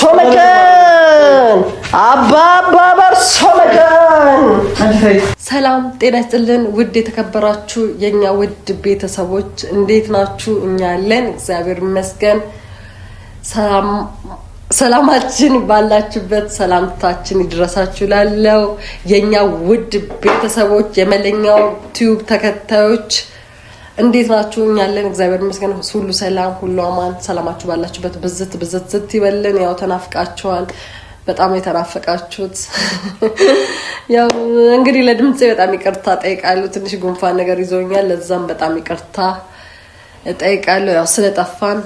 ሶመቀን አባ ሶመቀን። ሰላም ጤና ይስጥልን ውድ የተከበራችሁ የኛ ውድ ቤተሰቦች እንዴት ናችሁ? እኛ ያለን እግዚአብሔር ይመስገን። ሰላማችን ባላችሁበት ሰላምታችን ይድረሳችሁ። ላለው የእኛ ውድ ቤተሰቦች የመለኛው ቲዩብ ተከታዮች እንዴት ናችሁ? እኛለን እግዚአብሔር ይመስገን፣ ሁሉ ሰላም፣ ሁሉ አማን። ሰላማችሁ ባላችሁበት ብዝት ብዝት ዝት ይበልን። ያው ተናፍቃችኋል፣ በጣም የተናፈቃችሁት። ያው እንግዲህ ለድምፄ በጣም ይቅርታ ጠይቃለሁ። ትንሽ ጉንፋን ነገር ይዞኛል፣ ለዛም በጣም ይቅርታ ጠይቃለሁ። ያው ስለጠፋን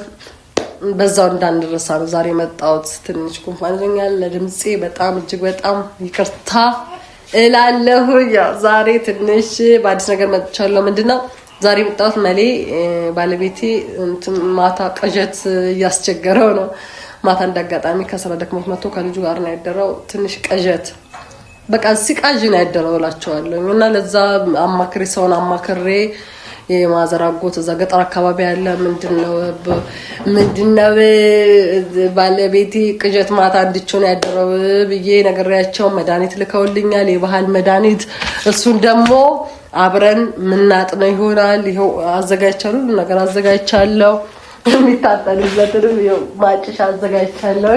በዛው እንዳንረሳ ነው ዛሬ መጣሁት። ትንሽ ጉንፋን ይዞኛል፣ ለድምፄ በጣም እጅግ በጣም ይቅርታ እላለሁ። ያው ዛሬ ትንሽ በአዲስ ነገር መጥቻለሁ። ምንድን ነው ዛሬ የመጣሁት መሌ ባለቤቴ ማታ ቅዠት እያስቸገረው ነው። ማታ እንዳጋጣሚ ከስራ ደክሞት መጥቶ ከልጁ ጋር ነው ያደረው። ትንሽ ቅዠት በቃ ሲቃዥ ነው ያደረው እላቸዋለሁ እና ለዛ አማክሬ ሰውን አማክሬ የማዘር አጎት እዛ ገጠር አካባቢ ያለ ምንድነው ምንድነው ባለቤቴ ቅዠት ማታ እንድቾ ነው ያደረው ብዬ ነግሬያቸው መድኃኒት ልከውልኛል፣ የባህል መድኃኒት እሱን ደግሞ አብረን ምናጥነው ይሆናል። ይኸው አዘጋጅቻለሁ፣ ሁሉ ነገር አዘጋጅቻለሁ። የሚታጠንበትንም ማጭሻ አዘጋጅቻለሁ።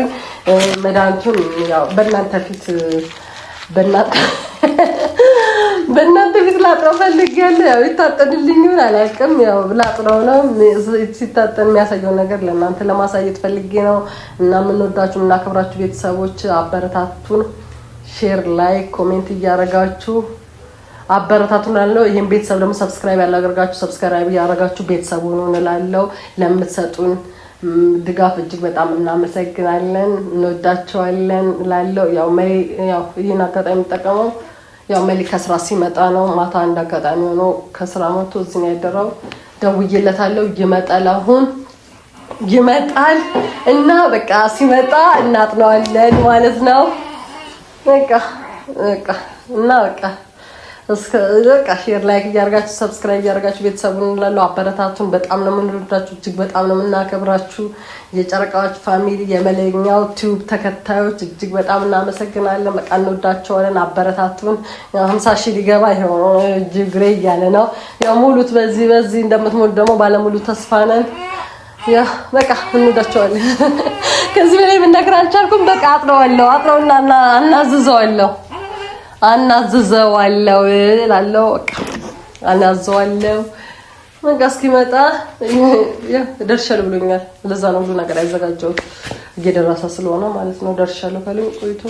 መድኃኒቱን ያው በእናንተ ፊት በእናንተ ፊት ላጥነው ፈልጌያለሁ። ያው ይታጠንልኝ ይሆን አላውቅም። ያው ላጥነው ነው ሲታጠን የሚያሳየው ነገር ለእናንተ ለማሳየት ፈልጌ ነው እና የምንወዳችሁ የምናከብራችሁ ቤተሰቦች አበረታቱን። ሼር ላይክ ኮሜንት እያደረጋችሁ አበረታቱን ያለው ይህም ቤተሰብ ደግሞ ሰብስክራይብ ያላደርጋችሁ ሰብስክራይብ ያደረጋችሁ ቤተሰቡ ነው እንላለው። ለምትሰጡን ድጋፍ እጅግ በጣም እናመሰግናለን፣ እንወዳቸዋለን ላለው ያው መሪ ይህን አጋጣሚ የሚጠቀመው ያው መሊ ከስራ ሲመጣ ነው። ማታ አንድ አጋጣሚ ሆኖ ከስራ መቶ እዚህ ነው ያደረው። ደውዬለታለሁ፣ ይመጣል አሁን ይመጣል እና በቃ ሲመጣ እናጥነዋለን ማለት ነው። በቃ በቃ እና በቃ በቃ ሼር ላይክ እያደርጋችሁ ሰብስክራይብ እያደርጋችሁ ቤተሰቡን እንላለሁ። አበረታቱን። በጣም ነው የምንወዳችሁ፣ እጅግ በጣም ነው የምናከብራችሁ። የጨረቃዎች ፋሚሊ የመለኛው ቲዩብ ተከታዮች እጅግ በጣም እናመሰግናለን። በቃ እንወዳቸዋለን። አበረታቱን። ሀምሳ ሺህ ሊገባ ጅግሬ እያለ ነው የሙሉት። በዚህ በዚህ እንደምትሞሉ ደግሞ ባለሙሉ ተስፋ ነን። በቃ እንወዳቸዋለን። ከዚህ በላይ ብናገር አልቻልኩም። በቃ አጥረዋለሁ፣ አጥረውና አናዝዘዋለሁ። አናዝዘዋለው እላለሁ። በቃ አናዘዋለው በቃ እስኪመጣ ደርሻል ብሎኛል። ለዛ ነው ነገር ያዘጋጀሁት እየደረሰ ስለሆነ ማለት ነው። ደርሻለሁ ካለኝ ቆይቶ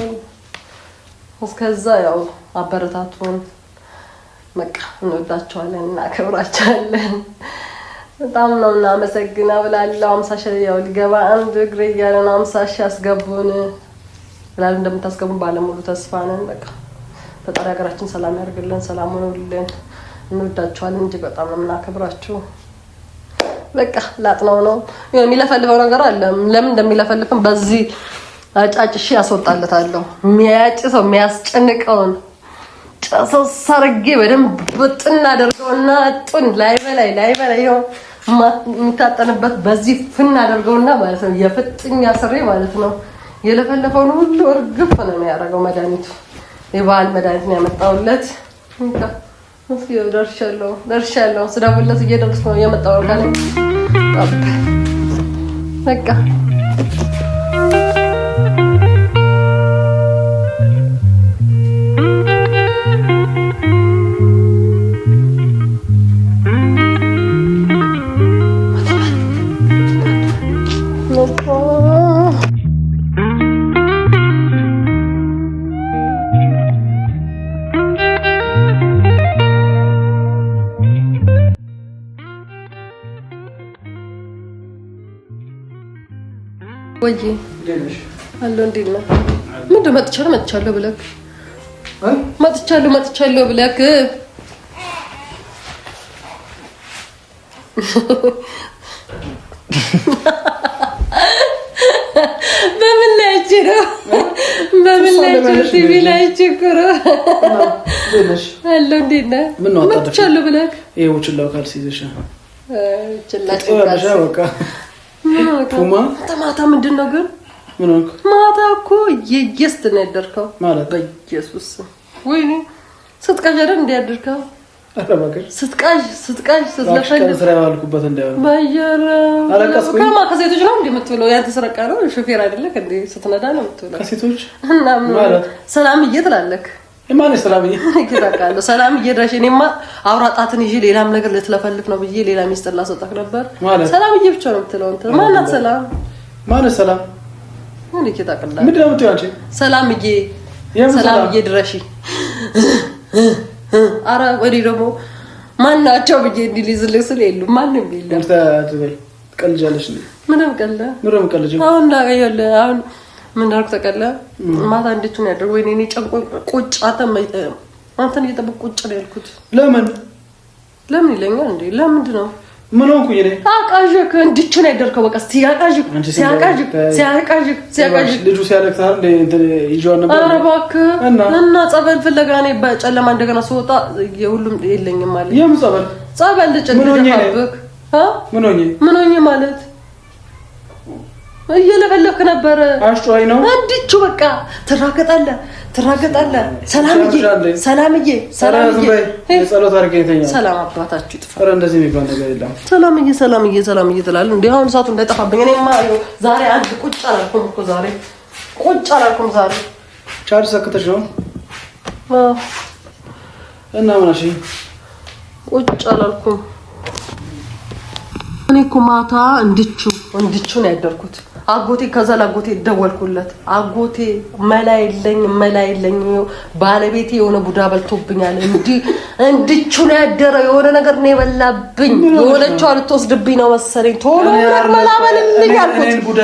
እስከዛ ያው አበረታቱን። በቃ እንወዳቸዋለን፣ እናከብራቸዋለን። በጣም ነው አምሳ ያው ሊገባ አንድ እግሬ አምሳ አስገቡን እንደምታስገቡን ባለሙሉ ተስፋ ነን በቃ ፈጣሪ ሀገራችን ሰላም ያደርግልን፣ ሰላም ሆኖልን። እንወዳችኋለን እንጂ በጣም ነው የምናከብራችሁ። በቃ ላጥነው ነው የሚለፈልፈው ነገር አለ። ለምን እንደሚለፈልፍም በዚህ አጫጭሽ ያስወጣለታለሁ። የሚያጭሰው የሚያስጨንቀውን ጨሰው ሰርጌ በደንብ ብጥን አደርገውና ጡን ላይ በላይ ላይ በላይ የሚታጠንበት በዚህ ፍን አደርገውና ማለት ነው የፍጥኛ ስሬ ማለት ነው የለፈለፈውን ሁሉ እርግፍ ነው የሚያደርገው መድኃኒቱ። የባህል መድኃኒት ነው ያመጣውለት። ደርሻለሁ ደርሻለሁ ስደውልለት እየደረስኩ ነው እየመጣሁ በቃ መጥቻለሁ ብለህ መጥቻለሁ መጥቻለሁ ብለህ በምን ላይ እጅ በምን ላይ ቲቪ ላይ አለው። እንዴት ነህ? መጥቻለሁ ብለህ ይኸው ችላው ችላ ማታ ምንድን ነው ግን ማታ እኮ የየስት ነው ያደርከው ማለት በኢየሱስ አይደል ከማ ከሴቶች ነው እንደ የምትውለው ያንተ ስረቃ ነው ሾፌር አይደለ ስትነዳ ነው የምትውለው ከሴቶች እና ሰላምዬ ትላለህ ማን ሰላምዬ ሰላምዬ ድረሽ እኔማ አውራ ጣትን ይዤ ሌላም ነገር ልትለፈልፍ ነው ብዬ ሌላ ሚስጥር ነበር ሰላምዬ ብቻ ነው የምትለው እንትን ማናት ሰላም ሰላም ሰላምዬ ሰላምዬ ድረሺ። ኧረ ወዲህ ደግሞ ማናቸው ብዬ እንዲልዝልህ ስል የሉም ማንም የለም። ትቀልጃለሽ? ምንም ምንም አሁን አሁን ምን ተቀለ ማታ እንዴት ነው ወይኔ እኔ ቁጭ አንተን እየጠበቅ ቁጭ ነው ያልኩት። ለምን ለምን ይለኛል እንዴ? ለምንድን ነው ምን ሆንኩኝ እኔ? አቃዥክ እንድቹ በቃ ሲያቃዥክ ሲያቃዥክ ሲያቃዥክ ሲያቃዥክ ልጁ ሲያለቅሳል ነበር። ኧረ እባክህ እና ጸበል ፍለጋ እኔ በጨለማ እንደገና ስወጣ የሁሉም የለኝም ጸበል ጸበል ልጭ ምን ሆኜ ማለት እየለፈለፍክ ነበር። አሽቷይ ነው አንድቹ በቃ ትራገጣለህ ትራገጣለህ። ሰላምዬ ሰላምዬ ሰላምዬ ጸሎት አድርገህ ተኛ። ሰላም አባታችሁ ይጥፋ። ኧረ እንደዚህ የሚባል ነገር የለም። ሰላምዬ ሰላምዬ ሰላምዬ ትላለህ እንዴ? አሁን ሰዓቱ እንዳይጠፋብኝ። እኔማ ዛሬ አንድ ቁጭ አላልኩም እኮ ዛሬ ቁጭ አላልኩም ዛሬ። ቻርጅ ሰክተሽ ነው እና ምን አልሽኝ? ቁጭ አላልኩም እኔ እኮ ማታ እንድቹ እንድቹ ነው ያደርኩት። አጎቴ ከዛ ለአጎቴ ደወልኩለት። አጎቴ መላ የለኝ መላ የለኝ፣ ባለቤቴ የሆነ ቡዳ በልቶብኛል፣ እንዲህ እንድቹ ነው ያደረው፣ የሆነ ነገር ነው የበላብኝ፣ የሆነችው አልትወስድብኝ ነው መሰለኝ፣ ቶሎ መላ በልልኝ አልኩት።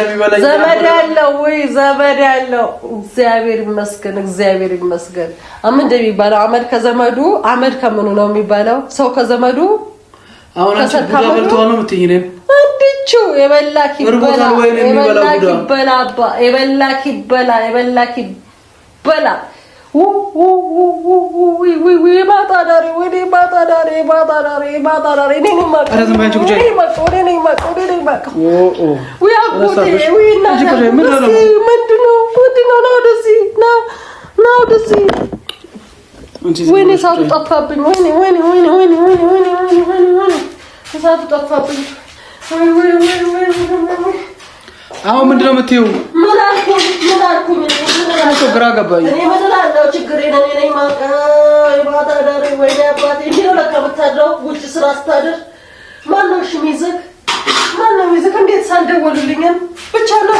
ዘመድ ያለው ወይ ዘመድ ያለው እግዚአብሔር ይመስገን፣ እግዚአብሔር ይመስገን። ምን የሚባለው አመድ ከዘመዱ አመድ ከምኑ ነው የሚባለው ሰው ከዘመዱ አሁን አንቺ ቡዳ በልቷ ነው የምትይኝ? እኔን አንድቹ የበላክ ይበላ የበላክ ይበላ አባ ይበላ ይበላ ምንድን ነው ወደዚህ ና ወደዚህ ወይኔ እሳቱ ጠፋብኝ። ወይኔ ወይኔ ወይኔ ወይኔ ወይኔ ወይኔ ወይኔ ወይኔ እሳቱ ጠፋብኝ። አሁን ምንድን ነው የምትይው? ምን አልኩኝ? ምን አልኩኝ? ግራ ገባኝ። እኔ ምን አለው ችግር የለም። እኔ ማታ ዳሪ ወይ አባቴ እንዲህ ነው ለካ የምታድረው ውጭ ስራ ስታድር ማነው እሺ የሚይዝህ እንዴት ሳልደወሉልኝም? ብቻ ነው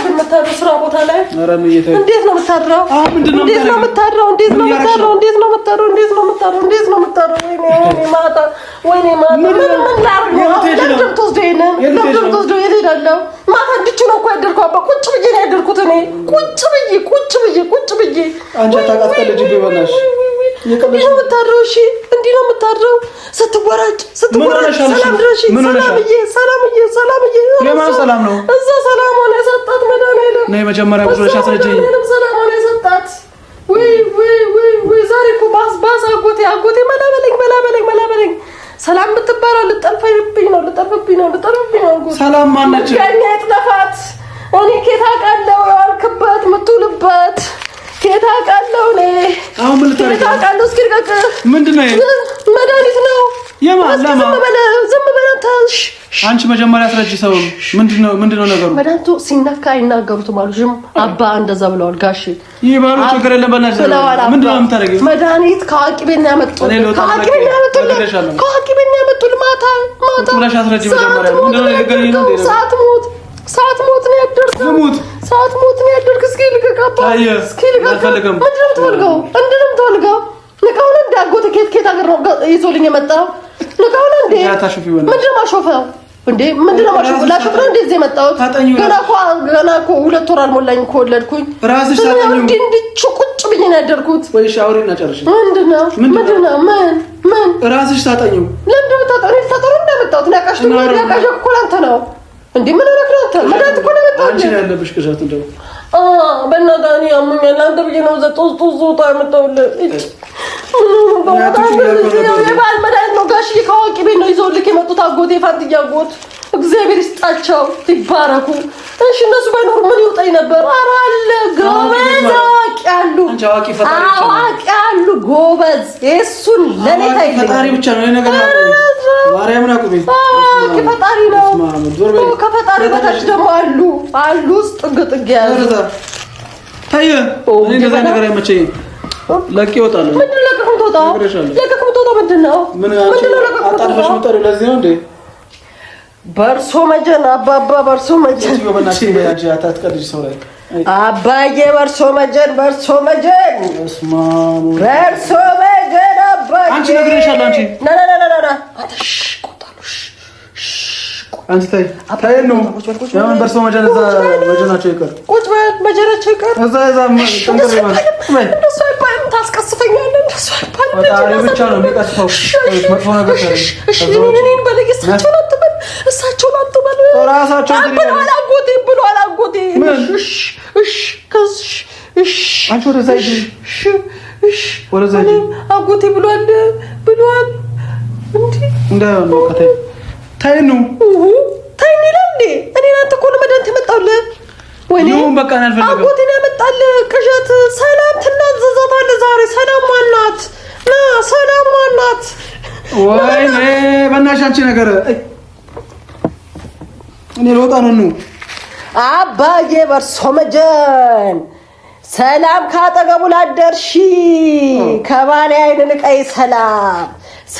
ስራ ቦታ ላይ እንዴት ነው የምታድረው? እንዴት ነው የምታድረው? እንዴት ነው አባ፣ ቁጭ ብዬ ያደርኩት እኔ ቁጭ ብዬ ቁጭ ብዬ ቁጭ ብዬ አንቺ እንዲህ ነው የምታድረው። እሺ እንዲህ ነው የምታድረው። ስትወራጭ ስትወራጭ ሰላም ድረሽ ሰላምዬ፣ ሰላምዬ፣ ሰላምዬ። የማን ሰላም ነው? እዛ ሰላሟን የሰጣት መድኃኒዓለም ነው። የመጀመሪያ ብዙ ለሻ ስለጀኝ ሰላሟን የሰጣት ወይ ወይ ወይ ወይ። ዛሬ እኮ ባስ ባስ አጎቴ አጎቴ መላበለኝ መላበለኝ መላበለኝ ሰላም የምትባለው ልጠልፈብኝ ነው ልጠልፈብኝ ነው ልጠልፈብኝ ነው። ሰላም ማነች? ያኛ የጥለፋት እኔ ኬታ ቃለው ያልክበት የምትውልበት ኬታ አውቃለሁ ነው መድኃኒት ነው። ዝም በለታሽ። አንቺ መጀመሪያ አስረጂ። ሰው ምንድነው ነገሩ? መድኃኒቱ ሲነካ አይናገሩትም አሉ። ጅም አባ እንደዛ ብለዋል። ጋሽ ይባሉ ችግር የለም መድኃኒት ከሐኪም ቤት ነው ያመጡልን። ከሐኪም ቤት ነው ያመጡልን። ማታ ማታ ሰዓት ሞት ነው ያደርሰው ሰዓት ሞት ነው ያደርግ። እስኪ ልቀቃባ፣ እስኪ ልቀቃባ። ምንድን ነው የምትወልገው? እንድን ነው የምትወልገው? ልቀውን እንደ ኬት ኬት አገር ነው ይዞልኝ የመጣው ልቀውን እንዴ! ምንድን ነው ማሾፈው እንዴ? ምንድን ነው ማሾፈው? ላሾፍ ነው እንዴ እዚህ የመጣሁት? ገና እኮ ገና እኮ ሁለት ወር አልሞላኝ እኮ ወለድኩኝ። ራስሽ ታጠኙ እንዴ! እንድቹ ቁጭ ብዬ ነው ያደርኩት። ወይ ሻውሪ እና ጨርሽ። ምንድን ነው ምንድን ነው ምን ምን ራስሽ ታጠኙ ለምንድን ነው ታጠኙ? ታጠሩ እንዳመጣሁት ናቃሽ ነው ናቃሽ እኮ ላንተ ነው እንዴ ምን አረክራት? መዳት እኮ ነው መጣው። አንቺ ያለብሽ ቅዠት እንደው አዎ፣ በእናትህ እኔ አሞኛል። አንተ ብዬ ነው ዘጠኝ ሶስት ሶስት ከአዋቂ ቤት ነው ይዘውልክ የመጡት አጎቴ ፋንትዬ ጎት እግዚአብሔር ይስጣቸው ይባረኩ። እሺ እነሱ ባይኖሩ ምን ይውጠኝ ነበር? ኧረ አለ ጎበዝ አዋቂ አሉ፣ አዋቂ አሉ ጎበዝ። የእሱን ለእኔ ታይልኝ ፈጣሪ ብቻ ነው። ከፈጣሪ በታች ደግሞ አሉ አሉ ውስጥ ጥግ ያሉ ታየ። ነገር አይመቸኝም። ለቄ እወጣለሁ በእርሶ መጀን አባባ በእርሶ መጀን አባዬ በእርሶ መጀን በእርሶ መጀን መጀን አባዬ አንቺ ነግሬሻለሁ። አንቺ ና ና መጀን እዛ ቁጭ በል መጀናቸው ይቀር ፈጣሪ ብቻ ነው የሚቀጥፈው መጥፎ ነገር እሳቸውን አትበል። አጎቴ ብሏል። ብሏል ብሏል። ታይ ነው ይላል። እኔን አንተ እኮ ለመድኃኒት የመጣሁልህ ወይኔ አጎቴን ያመጣልህ ቅዠት። ሰላም ትናዘዛታለህ ዛሬ። ሰላም ማናት ሰላም አላት ወይ? በእናትሽ አንቺ ነገር እኔ ልወጣ ነው። አባዬ በርሶ መጀን ሰላም ካጠገቡ ላደርሺ ከባሌ አይን ንቀይ ሰላም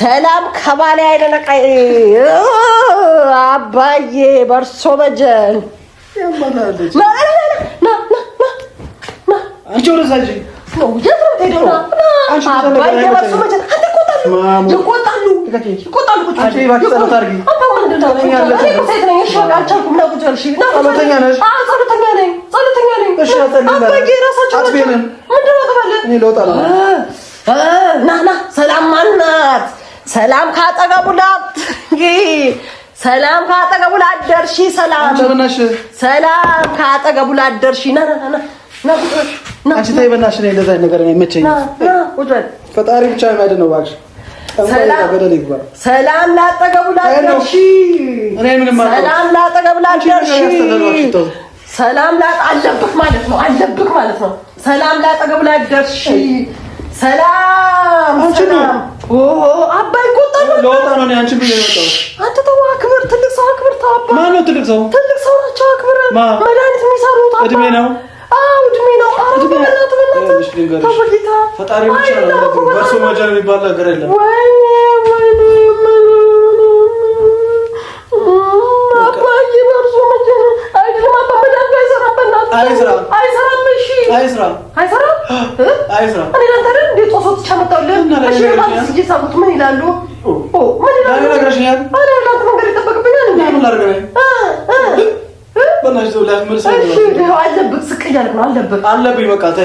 ሰላም ከባሌ አይን ንቀይ አባዬ በርሶ መጀን ሰላም ማናት? ሰላም ካጠገቡ ላት ሰላም ካጠገቡ ላደርሺ ሰላም ሰላም ካጠገቡ ላደርሺ ና ና አንቺ ተይ በእናትሽ፣ እኔ እንደዛ ነገር አይመቸኝም። ፈጣሪ ብቻ ነው እባክሽ። ሰላም ላጠገቡ ላደርሺ፣ ሰላም ላጠገቡ ላደርሺ፣ ሰላም ላጥ አለብህ ማለት ነው፣ አለብህ ማለት ነው። ሰላም ላጠገቡ ላደርሺ። ሰላም ኦ አባይ ቁጣ ነው ለወጣ ነው። አንቺ ብዬ ነው። አንተ ተው፣ አክብር። ትልቅ ሰው አክብር። ተው አባ። ማነው ትልቅ ሰው? ትልቅ ሰው ናቸው። አክብር። መድኃኒት የሚሰሩት እድሜ ነው ፈጣሪ ብቻ ነው። በእርሱ መጃል የሚባል ነገር የለም። ምን ይላሉ?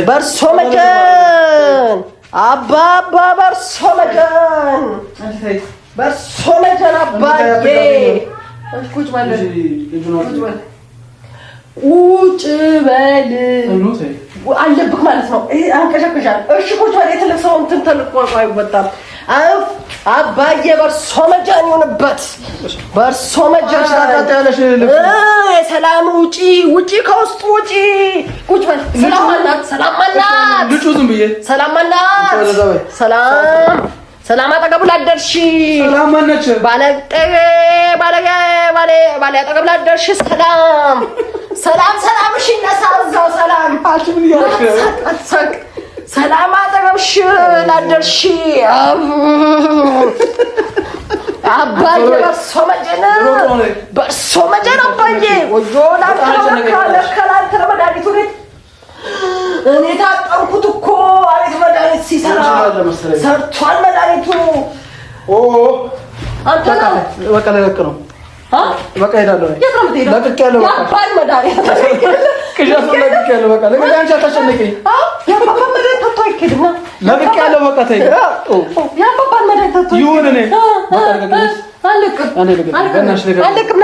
በርሶ መጀን አባባ በርሶ መጀን በርሶ መጀን አባዬ ቁጭ በል አለብህ ማለት ነው። አንቀሻቀሻል። እሺ ቁጭ በል። የተለሰው እንትን አይወጣም። አባዬ በርሶ መጃን ይሁንበት። በእርሶ መጃሽ ታጣጣለሽ። የሰላም ውጪ ውጪ፣ ከውስጥ ውጪ። ቁጭ በል። ሰላም አላት፣ ሰላም አላት። ልጩ ዝም ብዬ ሰላም አላት። ሰላም ሰላም፣ አጠገብ ላደርሽ። ሰላም ማነች? ባለ ጠገ ባለ ባለ ባለ አጠገብ ላደርሽ። ሰላም ሰላም ሰላም። እሺ፣ ነሳው ሰላም ሰላም አጠገብሽ ላደርሽ አባዬ በእርሶ መጀነ በእርሶ መጨነ አባዬ ወጆ ላከላከላከ መድኃኒቱ ቤት እኔ ታጠርኩት እኮ አቤት መድኃኒት ሲሰራ ሰርቷል መድኃኒቱ። አንተ በቃ ለቅ ነው በቃ ሄዳለሁ ለቅቄ ያለው አባይ መድኃኒት ቅዠት ለቅቅ ያለው በቃ ለምን አንቺ አታስጨንቂኝ። ለቅቅ ያለው በቃ ተይ። ይሁን እኔ አልቅም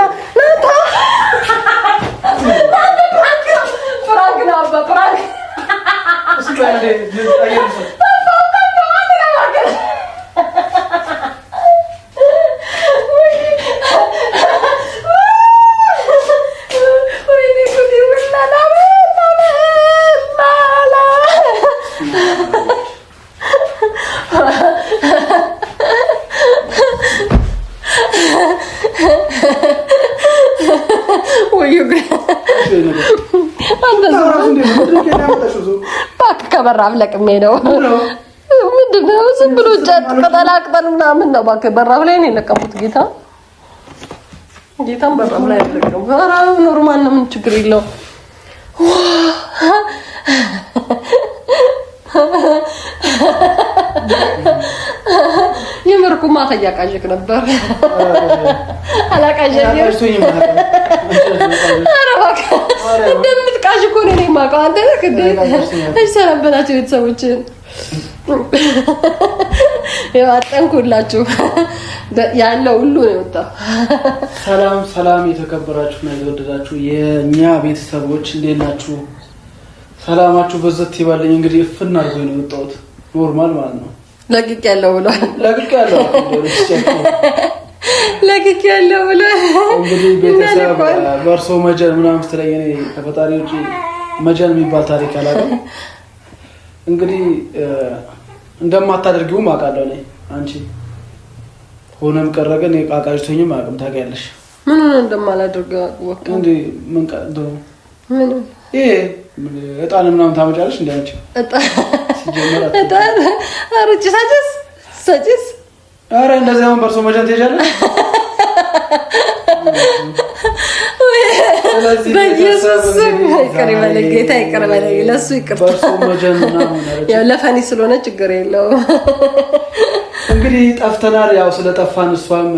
ና ፍራንክ ነው አባ ፍራንክ በራብ ለቅሜ ነው። ምንድን ነው ዝም ብሎ ጨጥ ቅጠላ ቅጠል ምናምን ነው። እባክህ በራብ ላይ ነው የለቀሙት። ጌታ ጌታም በራብ ላይ ያለቀሙ በራብ ኖርማል ነው። ምን ችግር የለው። የምር እኮ ማታ እያቃዠክ ነበር። አላቃዠም እንደምትቃዥ እኮ ነው የማውቀው። አንተ እሺ፣ ሰነበታችሁ ቤተሰቦችን አጠንኩላችሁ ያለው ሁሉ ነው የወጣው። ሰላም ሰላም፣ የተከበራችሁ እና የተወደዳችሁ የእኛ ቤተሰቦች እንዴት ናችሁ? ሰላማችሁ በዘት ይባለኝ። እንግዲህ እፍን አድርጎ ነው የወጣሁት ኖርማል ማለት ነው ለቅቅ ያለው ብሏል። ለቅቅ ያለው ለቅቅ ያለው ብሏል። እንግዲህ ቤተሰብ በእርሶ መጀን ምናምን ስትለኝ እኔ ከፈጣሪ ውጭ መጀን የሚባል ታሪክ አላውቅም። እንግዲህ እንደማታደርጊውም አውቃለሁ እኔ አንቺ ሆነም ቀረ ግን ቃቃጅቶኝም አቅም ታውቂያለሽ ምን ሆነ እንደማላደርገው አውቅ እንዲ ምን ይሄ እጣን ምናምን ታመጫለሽ እንደ አንቺ ሩጭ ሳጭስ ሳጭስ አረ እንደዚህ አሁን መጀን ትሄጃለሽ። ለፈኒ ስለሆነ ችግር የለውም። እንግዲህ ጠፍተናል። ያው ስለጠፋን እሷም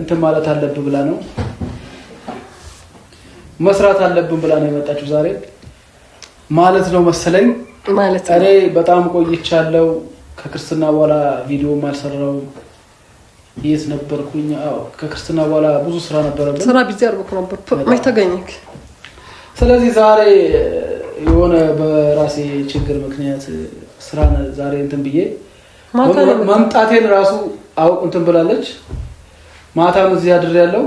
እንትን ማለት አለብን ብላ ነው መስራት አለብን ብላ ነው የመጣችው ዛሬ ማለት ነው መሰለኝ። ማለት ነው። እኔ በጣም ቆይቻለሁ ከክርስትና በኋላ ቪዲዮ አልሰራው የት ነበርኩኝ? አዎ ከክርስትና በኋላ ብዙ ስራ ነበረብን። ስራ ቢዚ አድርጎ ነበር ማይ ተገኘክ። ስለዚህ ዛሬ የሆነ በራሴ ችግር ምክንያት ስራ ዛሬ እንትን ብዬ መምጣቴን ራሱ አውቅ እንትን ብላለች። ማታም እዚህ አድር ያለው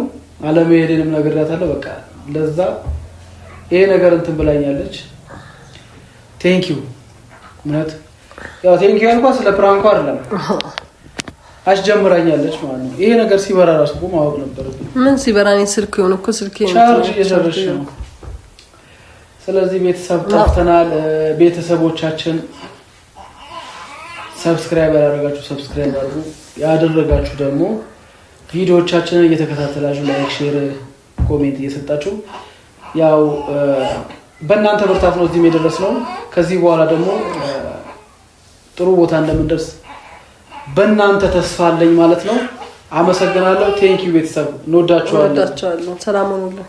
ነገር ነግሬያታለሁ። በቃ ለዛ ይሄ ነገር እንትን ብላኛለች። ቴንክ ዩ እውነት ያው ቴንክ ዩ እንኳን ስለ ፕራንኩ አይደለም አስጀምራኛለች ማለት ነው። ይሄ ነገር ሲበራ ራሱ እኮ ማወቅ ነበረብኝ። ምን ሲበራ እኔ ስልክ ይሁን እኮ ስልክ ቻርጅ እየጨረስሽ ነው። ስለዚህ ቤተሰብ ጠፍተናል። ቤተሰቦቻችን ሰብስክራይብ ያላደረጋችሁ ሰብስክራይብ አድርጉ፣ ያደረጋችሁ ደግሞ ቪዲዮዎቻችንን እየተከታተላችሁ ላይክ፣ ሼር፣ ኮሜንት እየሰጣችሁ ያው በእናንተ ብርታት ነው እዚህም ነው። ከዚህ በኋላ ደግሞ ጥሩ ቦታ እንደምንደርስ በእናንተ ተስፋ አለኝ ማለት ነው። አመሰግናለሁ። ዩ ቤተሰብ፣ እንወዳችኋለን። ሰላም ሁኑልን።